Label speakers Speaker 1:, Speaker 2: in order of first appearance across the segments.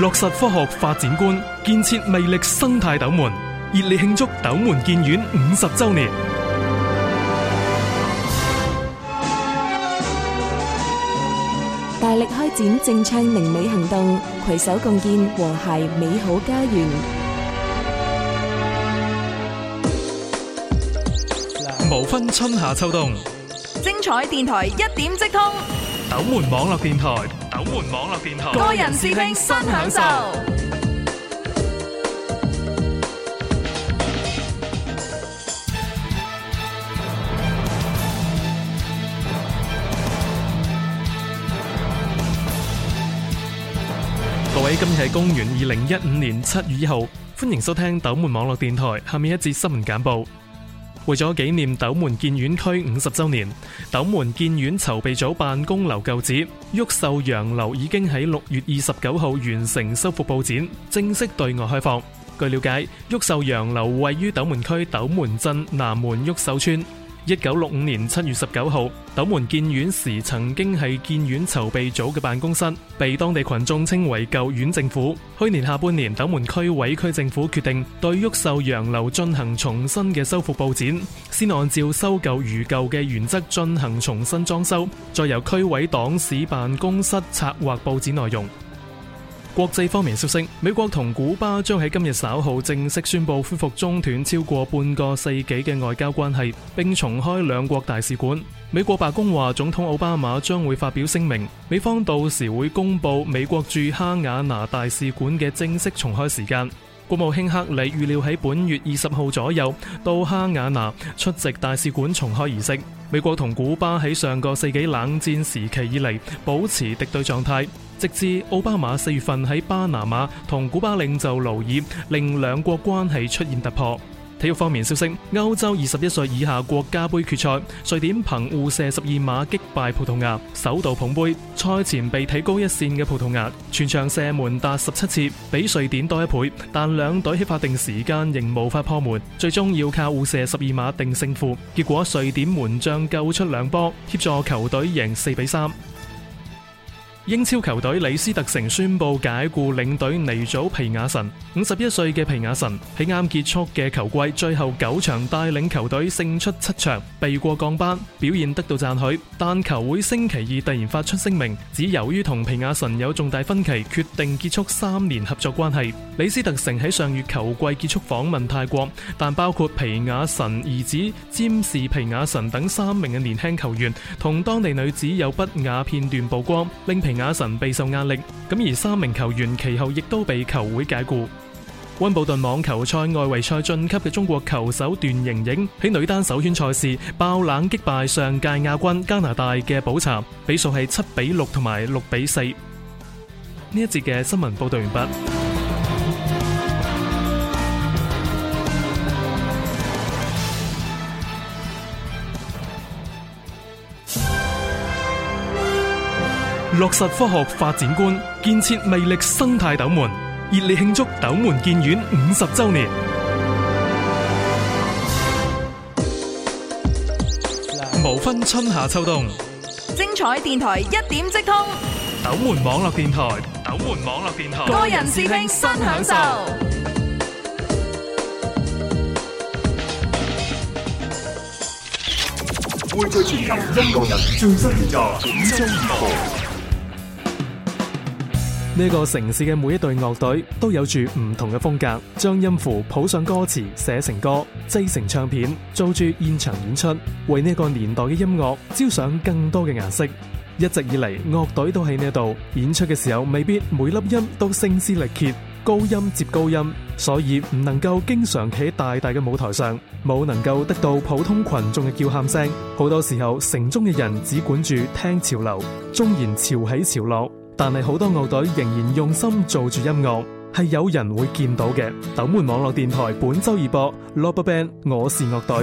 Speaker 1: 落實科學發展觀，建設魅力生態斗門，熱烈慶祝斗門建縣五十周年，大力開展淨暢寧美行動，携手共建和諧美好家園。無分春夏秋冬，精彩電台一點即通，斗門網絡電台。斗門網絡電台，個人視聽新享受。各位，今日係公元二零一五年七月一號，歡迎收聽斗門網絡電台，下面一節新聞簡報。為咗紀念斗門建院區五十周年，斗門建院籌備組辦公樓舊址毓秀洋樓已經喺六月二十九號完成修復布展，正式對外開放。據了解，毓秀洋樓位於斗門區斗門鎮南門毓秀村。一九六五年七月十九號，斗門建縣時曾經係建縣籌備組嘅辦公室，被當地群眾稱為舊縣政府。去年下半年，斗門區委區政府決定對毓秀洋樓進行重新嘅修復佈展，先按照修舊如舊嘅原則進行重新裝修，再由區委黨史辦公室策劃布展內容。國際方面消息，美國同古巴將喺今日稍後正式宣布恢復中斷超過半個世紀嘅外交關係，並重開兩國大使館。美國白宮話，總統奧巴馬將會發表聲明，美方到時會公布美國駐哈瓦那大使館嘅正式重開時間。國務卿克里預料喺本月二十號左右到哈瓦那出席大使館重開儀式。美國同古巴喺上個世紀冷戰時期以嚟保持敵對狀態。直至奧巴馬四月份喺巴拿馬同古巴領袖勞爾，令兩國關係出現突破。體育方面消息，歐洲二十一歲以下國家杯決賽，瑞典憑互射十二碼擊敗葡萄牙，首度捧杯。賽前被睇高一線嘅葡萄牙，全場射門達十七次，比瑞典多一倍，但兩隊喺法定時間仍無法破門，最終要靠互射十二碼定勝負。結果瑞典門將救出兩波，協助球隊贏四比三。英超球隊李斯特城宣布解雇領隊尼祖皮雅臣。五十一歲嘅皮雅臣喺啱結束嘅球季最後九場帶領球隊勝出七場，避過降班，表現得到讚許。但球會星期二突然發出聲明，指由於同皮雅臣有重大分歧，決定結束三年合作關係。李斯特城喺上月球季結束訪問泰國，但包括皮雅臣兒子詹士皮雅臣等三名嘅年輕球員同當地女子有不雅片段曝光，令皮亞神備受壓力，咁而三名球員其後亦都被球會解僱。溫布頓網球賽外圍賽晉級嘅中國球手段瑩瑩喺女單首圈賽事爆冷擊敗上屆亞軍加拿大嘅補查，比數係七比六同埋六比四。呢一節嘅新聞報道完畢。落實科學發展觀，建設魅力生態斗門，熱烈慶祝斗門建縣五十周年。無分春夏秋冬，精彩電台一點即通。斗門網絡電台，斗門網絡電台，個人視聽新享受。
Speaker 2: 匯聚全球音樂人最新創作，每
Speaker 1: 呢個城市嘅每一隊樂隊都有住唔同嘅風格，將音符譜上歌詞寫成歌，製成唱片，做住現場演出，為呢個年代嘅音樂招上更多嘅顏色。一直以嚟，樂隊都喺呢度演出嘅時候，未必每粒音都聲嘶力竭，高音接高音，所以唔能夠經常企喺大大嘅舞台上，冇能夠得到普通群眾嘅叫喊聲。好多時候，城中嘅人只管住聽潮流，縱然潮起潮落。但係好多樂隊仍然用心做住音樂，係有人會見到嘅。斗門網絡電台本周二播《Love 卜
Speaker 2: band》，我是樂隊。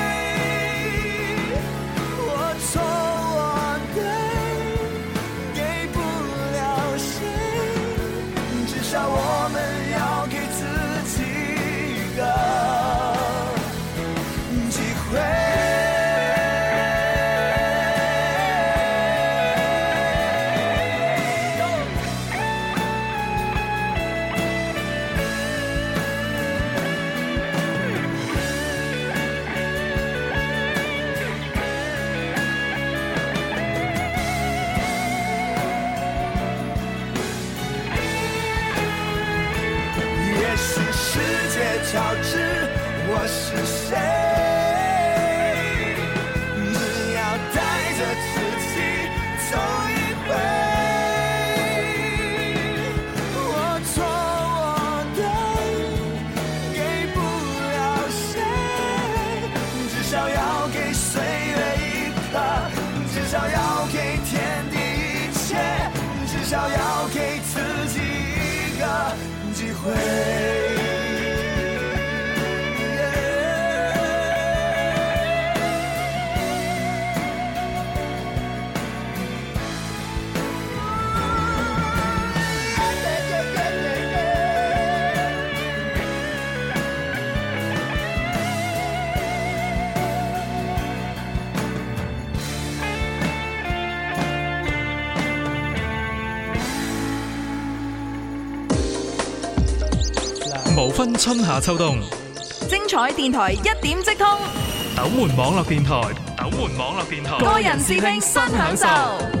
Speaker 1: 分春夏秋冬，精彩電台一點即通。斗門網絡電台，斗門網絡電台，個人視聽新享受。